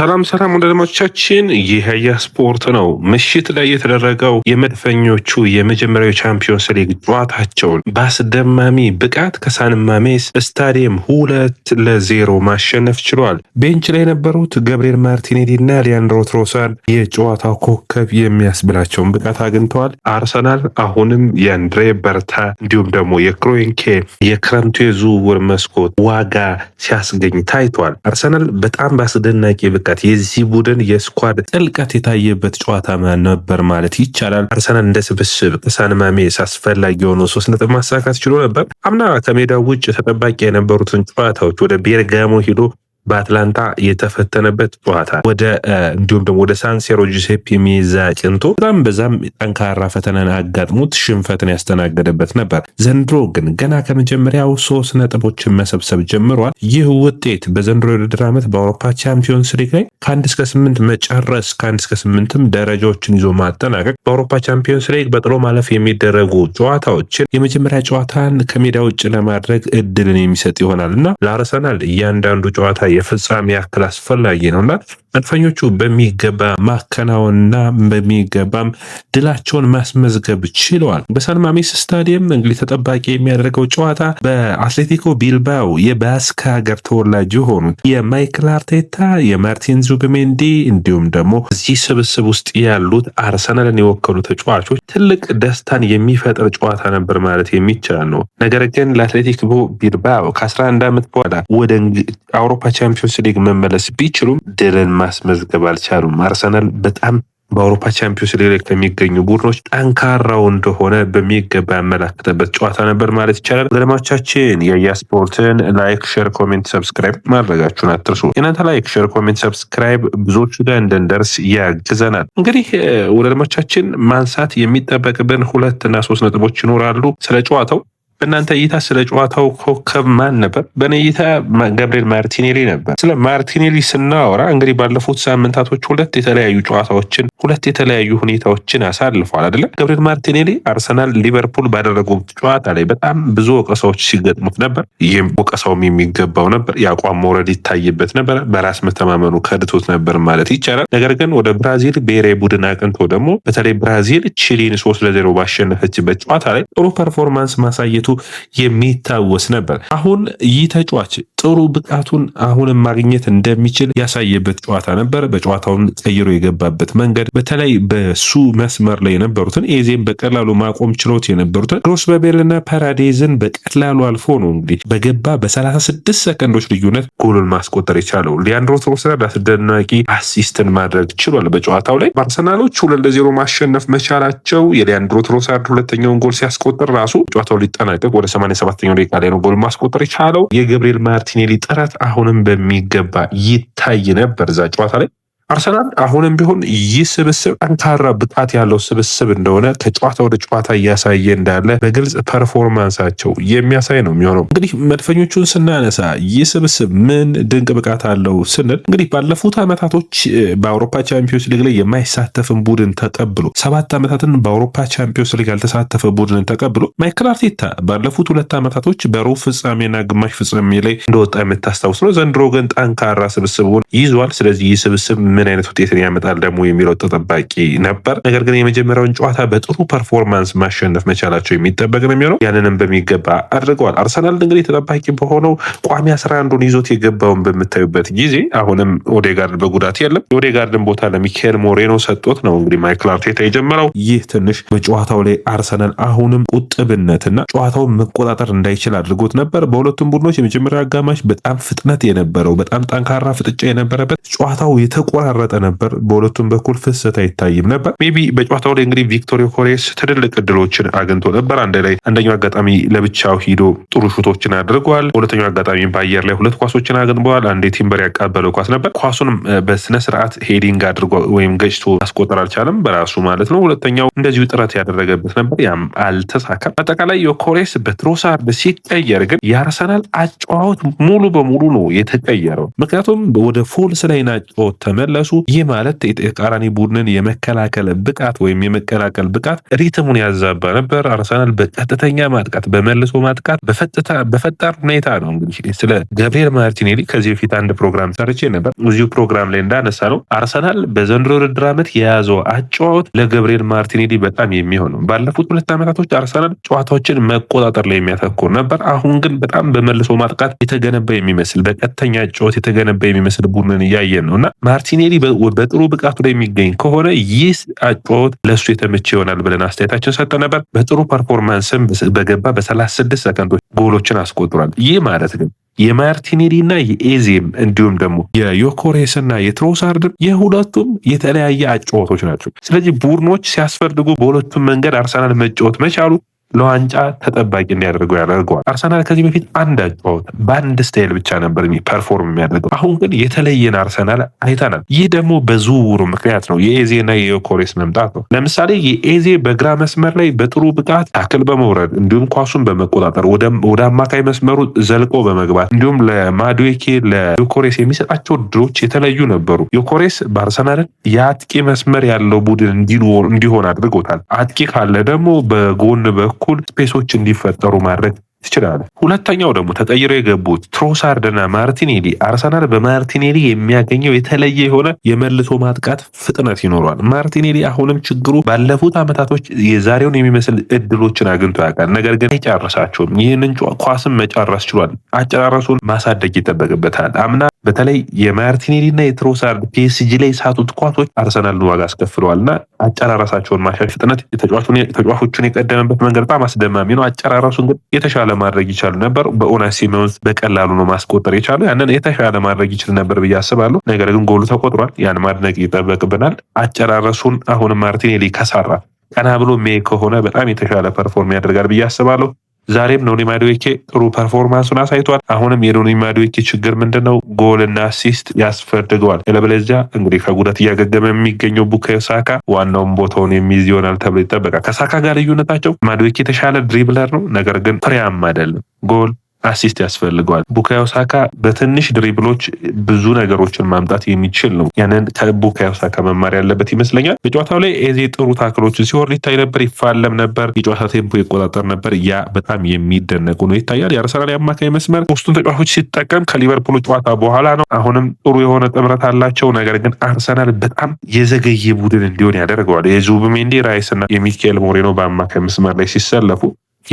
ሰላም ሰላም ወንድሞቻችን፣ ይህ ያ ስፖርት ነው። ምሽት ላይ የተደረገው የመድፈኞቹ የመጀመሪያው ቻምፒዮንስ ሊግ ጨዋታቸውን በአስደማሚ ብቃት ከሳንማሜስ ስታዲየም ሁለት ለዜሮ ማሸነፍ ችሏል። ቤንች ላይ የነበሩት ገብርኤል ማርቲኔሊ እና ሊያንድሮ ትሮሳርድ የጨዋታ ኮከብ የሚያስብላቸውን ብቃት አግኝተዋል። አርሰናል አሁንም የአንድሬ በርታ እንዲሁም ደግሞ የክሮንኬ የክረምቱ የዝውውር መስኮት ዋጋ ሲያስገኝ ታይቷል። አርሰናል በጣም በአስደናቂ ብቃት ጥልቀት የዚህ ቡድን የስኳድ ጥልቀት የታየበት ጨዋታ ነበር ማለት ይቻላል። አርሰናል እንደ ስብስብ ኢሳን ማሜስ አስፈላጊ የሆኑ ሶስት ነጥብ ማሳካት ችሎ ነበር። አምና ከሜዳው ውጭ ተጠባቂ የነበሩትን ጨዋታዎች ወደ ቤርጋሞ ሂዶ በአትላንታ የተፈተነበት ጨዋታ ወደ እንዲሁም ደግሞ ወደ ሳንሴሮ ጂሴፕ የሚዛ ጭንቶ በጣም በዛም ጠንካራ ፈተናን አጋጥሞት ሽንፈትን ያስተናገደበት ነበር። ዘንድሮ ግን ገና ከመጀመሪያው ሶስት ነጥቦችን መሰብሰብ ጀምሯል። ይህ ውጤት በዘንድሮ የውድድር ዓመት በአውሮፓ ቻምፒዮንስ ሊግ ላይ ከአንድ እስከ ስምንት መጨረስ ከአንድ እስከ ስምንትም ደረጃዎችን ይዞ ማጠናቀቅ በአውሮፓ ቻምፒዮንስ ሊግ በጥሎ ማለፍ የሚደረጉ ጨዋታዎችን የመጀመሪያ ጨዋታን ከሜዳ ውጭ ለማድረግ እድልን የሚሰጥ ይሆናል እና ለአርሰናል እያንዳንዱ ጨዋታ የፍጻሜ ያክል አስፈላጊ ነው እና መድፈኞቹ በሚገባ ማከናወንና በሚገባም ድላቸውን ማስመዝገብ ችለዋል። በሳንማሜስ ስታዲየም እንግዲህ ተጠባቂ የሚያደርገው ጨዋታ በአትሌቲኮ ቢልባው የባስክ ሀገር ተወላጅ የሆኑ የማይክል አርቴታ፣ የማርቲን ዙቢሜንዲ እንዲሁም ደግሞ እዚህ ስብስብ ውስጥ ያሉት አርሰናልን የወከሉ ተጫዋቾች ትልቅ ደስታን የሚፈጥር ጨዋታ ነበር ማለት የሚቻል ነው። ነገር ግን ለአትሌቲኮ ቢልባው ከ11 ዓመት በኋላ ወደ አውሮፓ ቻምፒዮንስ ሊግ መመለስ ቢችሉም ድልን ማስመዝገብ አልቻሉም። አርሰናል በጣም በአውሮፓ ቻምፒዮንስ ሊግ ላይ ከሚገኙ ቡድኖች ጠንካራው እንደሆነ በሚገባ ያመላክተበት ጨዋታ ነበር ማለት ይቻላል። ዘለማዎቻችን የያ ስፖርትን ላይክ፣ ሼር፣ ኮሜንት ሰብስክራይብ ማድረጋችሁን አትርሱ። የእናንተ ላይክ፣ ሼር፣ ኮሜንት ሰብስክራይብ ብዙዎቹ ጋር እንደንደርስ ያግዘናል። እንግዲህ ወደ ማንሳት የሚጠበቅብን ሁለትና ሶስት ነጥቦች ይኖራሉ ስለ ጨዋታው በእናንተ እይታ ስለ ጨዋታው ኮከብ ማን ነበር? በእኔ እይታ ገብርኤል ማርቲኔሊ ነበር። ስለ ማርቲኔሊ ስናወራ እንግዲህ ባለፉት ሳምንታቶች ሁለት የተለያዩ ጨዋታዎችን ሁለት የተለያዩ ሁኔታዎችን አሳልፏል አይደለም። ገብርኤል ማርቲኔሊ አርሰናል ሊቨርፑል ባደረጉት ጨዋታ ላይ በጣም ብዙ ወቀሳዎች ሲገጥሙት ነበር። ይህም ወቀሳውም የሚገባው ነበር። የአቋም መውረድ ይታይበት ነበር። በራስ መተማመኑ ከድቶት ነበር ማለት ይቻላል። ነገር ግን ወደ ብራዚል ብሔራዊ ቡድን አቅንቶ ደግሞ በተለይ ብራዚል ቺሊን ሶስት ለዜሮ ባሸነፈችበት ጨዋታ ላይ ጥሩ ፐርፎርማንስ ማሳየቱ የሚታወስ ነበር። አሁን ይህ ተጫዋች ጥሩ ብቃቱን አሁን ማግኘት እንደሚችል ያሳየበት ጨዋታ ነበር። በጨዋታውን ቀይሮ የገባበት መንገድ በተለይ በሱ መስመር ላይ የነበሩትን ኤዜን በቀላሉ ማቆም ችሎት የነበሩትን ክሮስ ግሮስበቤልና ፓራዴዝን በቀላሉ አልፎ ነው እንግዲህ በገባ በ36 ሰከንዶች ልዩነት ጎሉን ማስቆጠር የቻለው። ሊያንድሮ ትሮሳርድ አስደናቂ አሲስትን ማድረግ ችሏል። በጨዋታው ላይ አርሰናሎች ሁለት ለዜሮ ማሸነፍ መቻላቸው የሊያንድሮ ትሮሳርድ ሁለተኛውን ጎል ሲያስቆጥር ራሱ ጨዋታው ሊጠናቀ ሲጠናቀቅ ወደ 87ኛው ደቂቃ ላይ ነው ጎል ማስቆጠር የቻለው። የገብርኤል ማርቲኔሊ ጥረት አሁንም በሚገባ ይታይ ነበር እዛ ጨዋታ ላይ አርሰናል አሁንም ቢሆን ይህ ስብስብ ጠንካራ ብቃት ያለው ስብስብ እንደሆነ ከጨዋታ ወደ ጨዋታ እያሳየ እንዳለ በግልጽ ፐርፎርማንሳቸው የሚያሳይ ነው የሚሆነው። እንግዲህ መድፈኞቹን ስናነሳ ይህ ስብስብ ምን ድንቅ ብቃት አለው ስንል እንግዲህ ባለፉት ዓመታቶች በአውሮፓ ቻምፒዮንስ ሊግ ላይ የማይሳተፍን ቡድን ተቀብሎ ሰባት ዓመታትን በአውሮፓ ቻምፒዮንስ ሊግ ያልተሳተፈ ቡድንን ተቀብሎ ማይክል አርቴታ ባለፉት ሁለት ዓመታቶች በሩብ ፍጻሜና ግማሽ ፍጻሜ ላይ እንደወጣ የምታስታውስ ነው። ዘንድሮ ግን ጠንካራ ስብስቡን ይዟል። ስለዚህ ይህ ስብስብ ምን አይነት ውጤትን ያመጣል ደግሞ የሚለው ተጠባቂ ነበር። ነገር ግን የመጀመሪያውን ጨዋታ በጥሩ ፐርፎርማንስ ማሸነፍ መቻላቸው የሚጠበቅ ነው የሚሆነው። ያንንም በሚገባ አድርገዋል። አርሰናል እንግዲህ ተጠባቂ በሆነው ቋሚ አስራ አንዱን ይዞት የገባውን በምታዩበት ጊዜ አሁንም ኦዴጋርድ በጉዳት የለም። የኦዴጋርድን ቦታ ለሚካኤል ሞሬኖ ሰጦት ነው እንግዲህ ማይክል አርቴታ የጀመረው። ይህ ትንሽ በጨዋታው ላይ አርሰናል አሁንም ቁጥብነትና ጨዋታውን መቆጣጠር እንዳይችል አድርጎት ነበር። በሁለቱም ቡድኖች የመጀመሪያ አጋማሽ በጣም ፍጥነት የነበረው በጣም ጠንካራ ፍጥጫ የነበረበት ጨዋታው የተቆራ የተቆራረጠ ነበር። በሁለቱም በኩል ፍሰት አይታይም ነበር። ሜቢ በጨዋታው ላይ እንግዲህ ቪክቶሪ ኮሬስ ትልልቅ እድሎችን አግኝቶ ነበር። አንድ ላይ አንደኛው አጋጣሚ ለብቻው ሂዶ ጥሩ ሹቶችን አድርጓል። ሁለተኛው አጋጣሚ በአየር ላይ ሁለት ኳሶችን አግንበዋል። አንዴ ቲምበር ያቃበለው ኳስ ነበር። ኳሱንም በስነ ስርዓት ሄዲንግ አድርጎ ወይም ገጭቶ ማስቆጠር አልቻለም በራሱ ማለት ነው። ሁለተኛው እንደዚሁ ጥረት ያደረገበት ነበር፣ ያም አልተሳካም። አጠቃላይ የኮሬስ በትሮሳርድ ሲቀየር ግን የአርሰናል አጨዋወት ሙሉ በሙሉ ነው የተቀየረው። ምክንያቱም ወደ ፎልስ ላይ ናጨወት ተመለ ሲመለሱ ይህ ማለት የተቃራኒ ቡድንን የመከላከል ብቃት ወይም የመከላከል ብቃት ሪትሙን ያዛባ ነበር። አርሰናል በቀጥተኛ ማጥቃት፣ በመልሶ ማጥቃት በፈጣን ሁኔታ ነው። እንግዲህ ስለ ገብርኤል ማርቲኔሊ ከዚህ በፊት አንድ ፕሮግራም ሰርቼ ነበር። እዚሁ ፕሮግራም ላይ እንዳነሳ ነው አርሰናል በዘንድሮ ውድድር ዓመት የያዘው አጨዋወት ለገብርኤል ማርቲኔሊ በጣም የሚሆን ነው። ባለፉት ሁለት ዓመታቶች አርሰናል ጨዋታዎችን መቆጣጠር ላይ የሚያተኩር ነበር። አሁን ግን በጣም በመልሶ ማጥቃት የተገነባ የሚመስል በቀጥተኛ ጨዋታ የተገነባ የሚመስል ቡድንን እያየን ነው እና ማርቲኔሊ ሪሊ በጥሩ ብቃቱ ላይ የሚገኝ ከሆነ ይህ አጫወት ለእሱ የተመቸ ይሆናል ብለን አስተያየታችን ሰጠ ነበር። በጥሩ ፐርፎርማንስም በገባ በሰላሳ ስድስት ሰከንዶች ጎሎችን አስቆጥሯል። ይህ ማለት ግን የማርቲኔሊ እና የኤዜም እንዲሁም ደግሞ የዮኮሬስ እና የትሮሳርድ የሁለቱም የተለያየ አጫወቶች ናቸው። ስለዚህ ቡድኖች ሲያስፈልጉ በሁለቱም መንገድ አርሰናል መጫወት መቻሉ ለዋንጫ ተጠባቂ እንዲያደርገው ያደርገዋል። አርሰናል ከዚህ በፊት አንድ አጫወት በአንድ ስታይል ብቻ ነበር ፐርፎርም የሚያደርገው። አሁን ግን የተለየን አርሰናል አይተናል። ይህ ደግሞ በዝውውሩ ምክንያት ነው፣ የኤዜ የዮኮሬስ የኮሬስ መምጣት ነው። ለምሳሌ የኤዜ በግራ መስመር ላይ በጥሩ ብቃት ታክል በመውረድ እንዲሁም ኳሱን በመቆጣጠር ወደ አማካይ መስመሩ ዘልቆ በመግባት እንዲሁም ለማዱዌኬ ለዮኮሬስ የሚሰጣቸው ድሮች የተለዩ ነበሩ። ዮኮሬስ በአርሰናልን የአጥቂ መስመር ያለው ቡድን እንዲሆን አድርጎታል። አጥቂ ካለ ደግሞ በጎን በኩል በኩል ስፔሶች እንዲፈጠሩ ማድረግ ይችላል። ሁለተኛው ደግሞ ተቀይረው የገቡት ትሮሳርድና ማርቲኔሊ። አርሰናል በማርቲኔሊ የሚያገኘው የተለየ የሆነ የመልሶ ማጥቃት ፍጥነት ይኖረዋል። ማርቲኔሊ አሁንም ችግሩ ባለፉት ዓመታቶች የዛሬውን የሚመስል እድሎችን አግኝቶ ያውቃል፣ ነገር ግን አይጨርሳቸውም። ይህንን ኳስም መጨረስ ችሏል። አጨራረሱን ማሳደግ ይጠበቅበታል። አምና በተለይ የማርቲኔሊና የትሮሳርድ ፒኤስጂ ላይ ሳቱት ኳሶች አርሰናልን ዋጋ አስከፍለዋልና አጨራረሳቸውን ማሻሽ ፍጥነት ተጫዋቾቹን የቀደመበት መንገድ በጣም አስደማሚ ነው። አጨራረሱን ግን የተሻለ አለማድረግ ይቻሉ ነበር። በኡናይ ሲሜንስ በቀላሉ ነው ማስቆጠር የቻሉ ያንን የተሻለ ማድረግ ይችል ነበር ብዬ አስባለሁ። ነገር ግን ጎሉ ተቆጥሯል። ያን ማድነቅ ይጠበቅብናል። አጨራረሱን አሁንም ማርቲኔሊ ከሰራ ቀና ብሎ ሜ ከሆነ በጣም የተሻለ ፐርፎርም ያደርጋል ብዬ አስባለሁ። ዛሬም ኖኒ ማዱዌኬ ጥሩ ፐርፎርማንሱን አሳይቷል። አሁንም የኖኒ ማዱዌኬ ችግር ምንድን ነው? ጎል እና አሲስት ያስፈልገዋል። ያለበለዚያ እንግዲህ ከጉዳት እያገገመ የሚገኘው ቡካዮ ሳካ ዋናውን ቦታውን የሚይዝ ይሆናል ተብሎ ይጠበቃል። ከሳካ ጋር ልዩነታቸው ማዱዌኬ የተሻለ ድሪብለር ነው፣ ነገር ግን ፍሬያም አይደለም ጎል አሲስት ያስፈልገዋል። ቡካዮ ሳካ በትንሽ ድሪብሎች ብዙ ነገሮችን ማምጣት የሚችል ነው። ያንን ከቡካዮ ሳካ መማር ያለበት ይመስለኛል። በጨዋታው ላይ ኤዜ ጥሩ ታክሎችን ሲሆን ይታይ ነበር፣ ይፋለም ነበር፣ የጨዋታ ቴምፖ ይቆጣጠር ነበር። ያ በጣም የሚደነቁ ነው ይታያል። የአርሰናል የአማካኝ መስመር ሶስቱን ተጫዋቾች ሲጠቀም ከሊቨርፑሉ ጨዋታ በኋላ ነው። አሁንም ጥሩ የሆነ ጥምረት አላቸው። ነገር ግን አርሰናል በጣም የዘገየ ቡድን እንዲሆን ያደርገዋል። የዙብሜንዲ ራይስና የሚኬል ሞሬኖ በአማካኝ መስመር ላይ ሲሰለፉ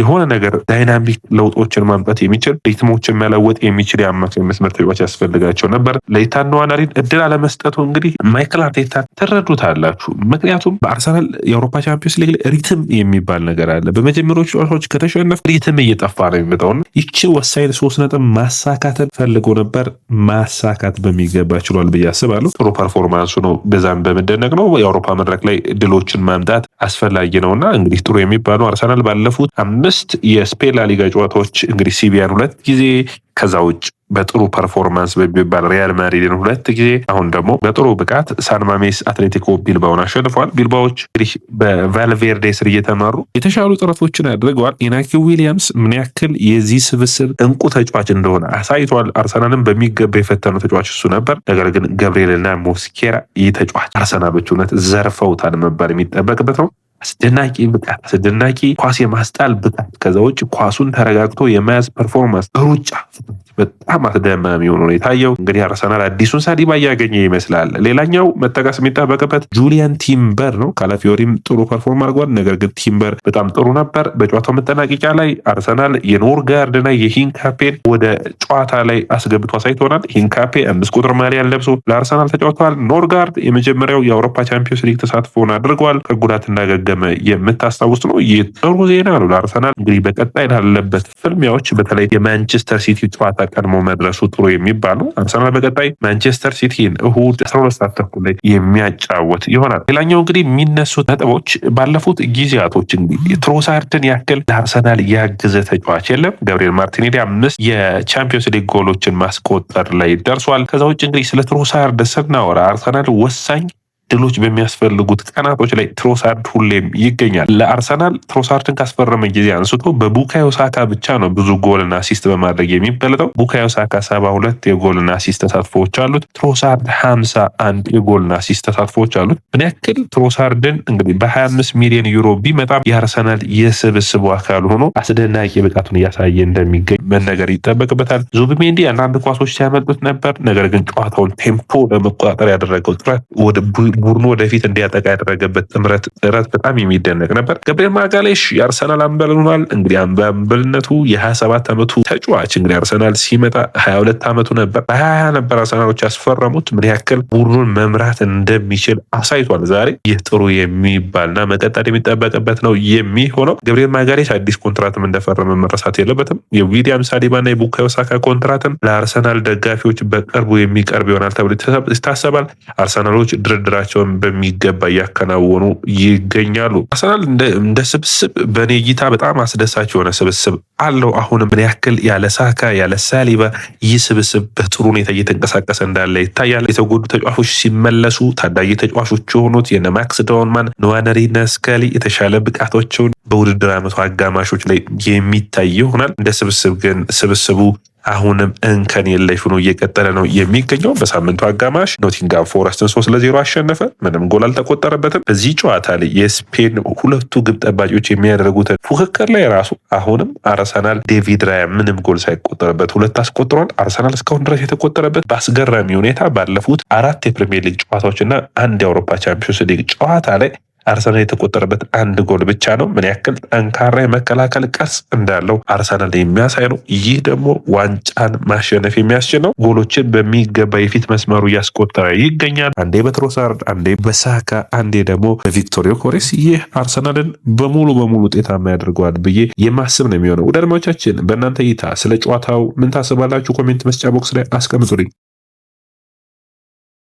የሆነ ነገር ዳይናሚክ ለውጦችን ማምጣት የሚችል ሪትሞችን መለወጥ የሚችል የአማካኝ መስመር ተጫዋች ያስፈልጋቸው ነበር። ለኢታን ንዋነሪን እድል አለመስጠቱ እንግዲህ ማይክል አርቴታ ትረዱታላችሁ። ምክንያቱም በአርሰናል የአውሮፓ ቻምፒዮንስ ሊግ ሪትም የሚባል ነገር አለ። በመጀመሪያዎቹ ጨዋታዎች ከተሸነፍ ሪትም እየጠፋ ነው የሚመጣውና ይቺ ወሳኝ ሶስት ነጥብ ማሳካትን ፈልጎ ነበር። ማሳካት በሚገባ ችሏል ብዬ አስባለሁ። ጥሩ ፐርፎርማንሱ ነው፣ በዛም በመደነቅ ነው። የአውሮፓ መድረክ ላይ ድሎችን ማምጣት አስፈላጊ ነው እና እንግዲህ ጥሩ የሚባሉ አርሰናል ባለፉት አምስት የስፔን ላሊጋ ጨዋታዎች እንግዲህ ሲቪያን ሁለት ጊዜ ከዛ ውጭ በጥሩ ፐርፎርማንስ በሚባል ሪያል ማድሪድን ሁለት ጊዜ አሁን ደግሞ በጥሩ ብቃት ሳንማሜስ አትሌቲኮ ቢልባውን አሸንፏል። ቢልባዎች እንግዲህ በቫልቬርዴ ስር እየተመሩ የተሻሉ ጥረቶችን አድርገዋል። ኢናኪ ዊሊያምስ ምን ያክል የዚህ ስብስብ እንቁ ተጫዋች እንደሆነ አሳይቷል። አርሰናልን በሚገባ የፈተነው ተጫዋች እሱ ነበር። ነገር ግን ገብርኤልና ሞስኬራ ይህ ተጫዋች አርሰናሎች እውነት ዘርፈውታል መባል የሚጠበቅበት ነው። አስደናቂ ብቃት፣ አስደናቂ ኳስ የማስጣል ብቃት፣ ከዛ ውጭ ኳሱን ተረጋግቶ የመያዝ ፐርፎርማንስ፣ ሩጫ በጣም አስደማሚ ሆኖ ነው የታየው። እንግዲህ አርሰናል አዲሱን ሳዲባ እያገኘ ይመስላል። ሌላኛው መጠቀስ የሚጠበቅበት ጁሊያን ቲምበር ነው። ካላፊዮሪም ጥሩ ፐርፎርም አድርጓል። ነገር ግን ቲምበር በጣም ጥሩ ነበር። በጨዋታው መጠናቀቂያ ላይ አርሰናል የኖርጋርድና የሂንካፔን ወደ ጨዋታ ላይ አስገብቶ አሳይቶናል። ሂንካፔ አምስት ቁጥር ማሊያን ለብሶ ለአርሰናል ተጫውተዋል። ኖርጋርድ የመጀመሪያው የአውሮፓ ቻምፒዮንስ ሊግ ተሳትፎን አድርጓል። ከጉዳት እንዳገገ የምታስታውስ ነው። ጥሩ ዜና ነው ለአርሰናል። እንግዲህ በቀጣይ ላለበት ፍልሚያዎች በተለይ የማንቸስተር ሲቲ ጨዋታ ቀድሞ መድረሱ ጥሩ የሚባል ነው። አርሰናል በቀጣይ ማንቸስተር ሲቲን እሁድ አስራ ሁለት ሰዓት ተኩል ላይ የሚያጫወት ይሆናል። ሌላኛው እንግዲህ የሚነሱት ነጥቦች ባለፉት ጊዜያቶች እንግዲህ ትሮሳርድን ያክል ለአርሰናል ያገዘ ተጫዋች የለም። ገብርኤል ማርቲኔሊ አምስት የቻምፒዮንስ ሊግ ጎሎችን ማስቆጠር ላይ ደርሷል። ከዛ ውጭ እንግዲህ ስለ ትሮሳርድ ስናወራ አርሰናል ወሳኝ ድሎች በሚያስፈልጉት ቀናቶች ላይ ትሮሳርድ ሁሌም ይገኛል። ለአርሰናል ትሮሳርድን ካስፈረመ ጊዜ አንስቶ በቡካዮ ሳካ ብቻ ነው ብዙ ጎልና አሲስት በማድረግ የሚበለጠው። ቡካዮ ሳካ ሰባ ሁለት የጎልና አሲስት ተሳትፎዎች አሉት። ትሮሳርድ ሀምሳ አንድ የጎልና አሲስት ተሳትፎዎች አሉት። ምን ያክል ትሮሳርድን እንግዲህ በ25 ሚሊዮን ዩሮ ቢመጣም የአርሰናል የስብስቡ አካል ሆኖ አስደናቂ ብቃቱን እያሳየ እንደሚገኝ መነገር ይጠበቅበታል። ዙቢሜንዲ አንዳንድ ኳሶች ሲያመልጡት ነበር። ነገር ግን ጨዋታውን ቴምፖ ለመቆጣጠር ያደረገው ጥረት ወደ ቡድኑ ወደፊት እንዲያጠቃ ያደረገበት ጥምረት ጥረት በጣም የሚደነቅ ነበር። ገብርኤል ማጋሌሽ የአርሰናል አምበል ሆኗል። እንግዲህ አምበልነቱ የ27 ዓመቱ ተጫዋች እንግዲህ አርሰናል ሲመጣ 22 ዓመቱ ነበር። በሀያ ነበር አርሰናሎች ያስፈረሙት። ምን ያክል ቡድኑን መምራት እንደሚችል አሳይቷል። ዛሬ ይህ ጥሩ የሚባልና መቀጠል የሚጠበቅበት ነው የሚሆነው። ገብርኤል ማጋሌሽ አዲስ ኮንትራትም እንደፈረመ መረሳት የለበትም። የዊሊያም ሳሊባና የቡካዮ ሳካ ኮንትራትም ለአርሰናል ደጋፊዎች በቅርቡ የሚቀርብ ይሆናል ተብሎ ይታሰባል። አርሰናሎች ድርድራ ስራቸውን በሚገባ እያከናወኑ ይገኛሉ። አርሰናል እንደ ስብስብ በእኔ እይታ በጣም አስደሳች የሆነ ስብስብ አለው። አሁንም ምን ያክል ያለ ሳካ ያለ ሳሊባ ይህ ስብስብ በጥሩ ሁኔታ እየተንቀሳቀሰ እንዳለ ይታያል። የተጎዱ ተጫዋቾች ሲመለሱ ታዳጊ ተጫዋቾች የሆኑት የነ ማክስ ዳውንማን ነዋነሪ ነስከሊ የተሻለ ብቃቶቸውን በውድድር ዓመቱ አጋማሾች ላይ የሚታይ ይሆናል። እንደ ስብስብ ግን ስብስቡ አሁንም እንከን የለሽ ሆኖ እየቀጠለ ነው የሚገኘው። በሳምንቱ አጋማሽ ኖቲንጋም ፎረስትን ሶስት ለዜሮ አሸነፈ። ምንም ጎል አልተቆጠረበትም። በዚህ ጨዋታ ላይ የስፔን ሁለቱ ግብ ጠባቂዎች የሚያደርጉትን ፉክክር ላይ ራሱ አሁንም አርሰናል ዴቪድ ራያ ምንም ጎል ሳይቆጠርበት ሁለት አስቆጥሯል። አርሰናል እስካሁን ድረስ የተቆጠረበት በአስገራሚ ሁኔታ ባለፉት አራት የፕሪሚየር ሊግ ጨዋታዎች እና አንድ የአውሮፓ ቻምፒዮንስ ሊግ ጨዋታ ላይ አርሰናል የተቆጠረበት አንድ ጎል ብቻ ነው። ምን ያክል ጠንካራ የመከላከል ቅርጽ እንዳለው አርሰናል የሚያሳይ ነው። ይህ ደግሞ ዋንጫን ማሸነፍ የሚያስችል ነው። ጎሎችን በሚገባ የፊት መስመሩ እያስቆጠረ ይገኛል። አንዴ በትሮሳርድ፣ አንዴ በሳካ፣ አንዴ ደግሞ በቪክቶሪ ኮሬስ። ይህ አርሰናልን በሙሉ በሙሉ ውጤታማ ያደርገዋል ብዬ የማስብ ነው የሚሆነው። ውድ አድማጮቻችን በእናንተ እይታ ስለ ጨዋታው ምን ታስባላችሁ? ኮሜንት መስጫ ቦክስ ላይ አስቀምጡልኝ።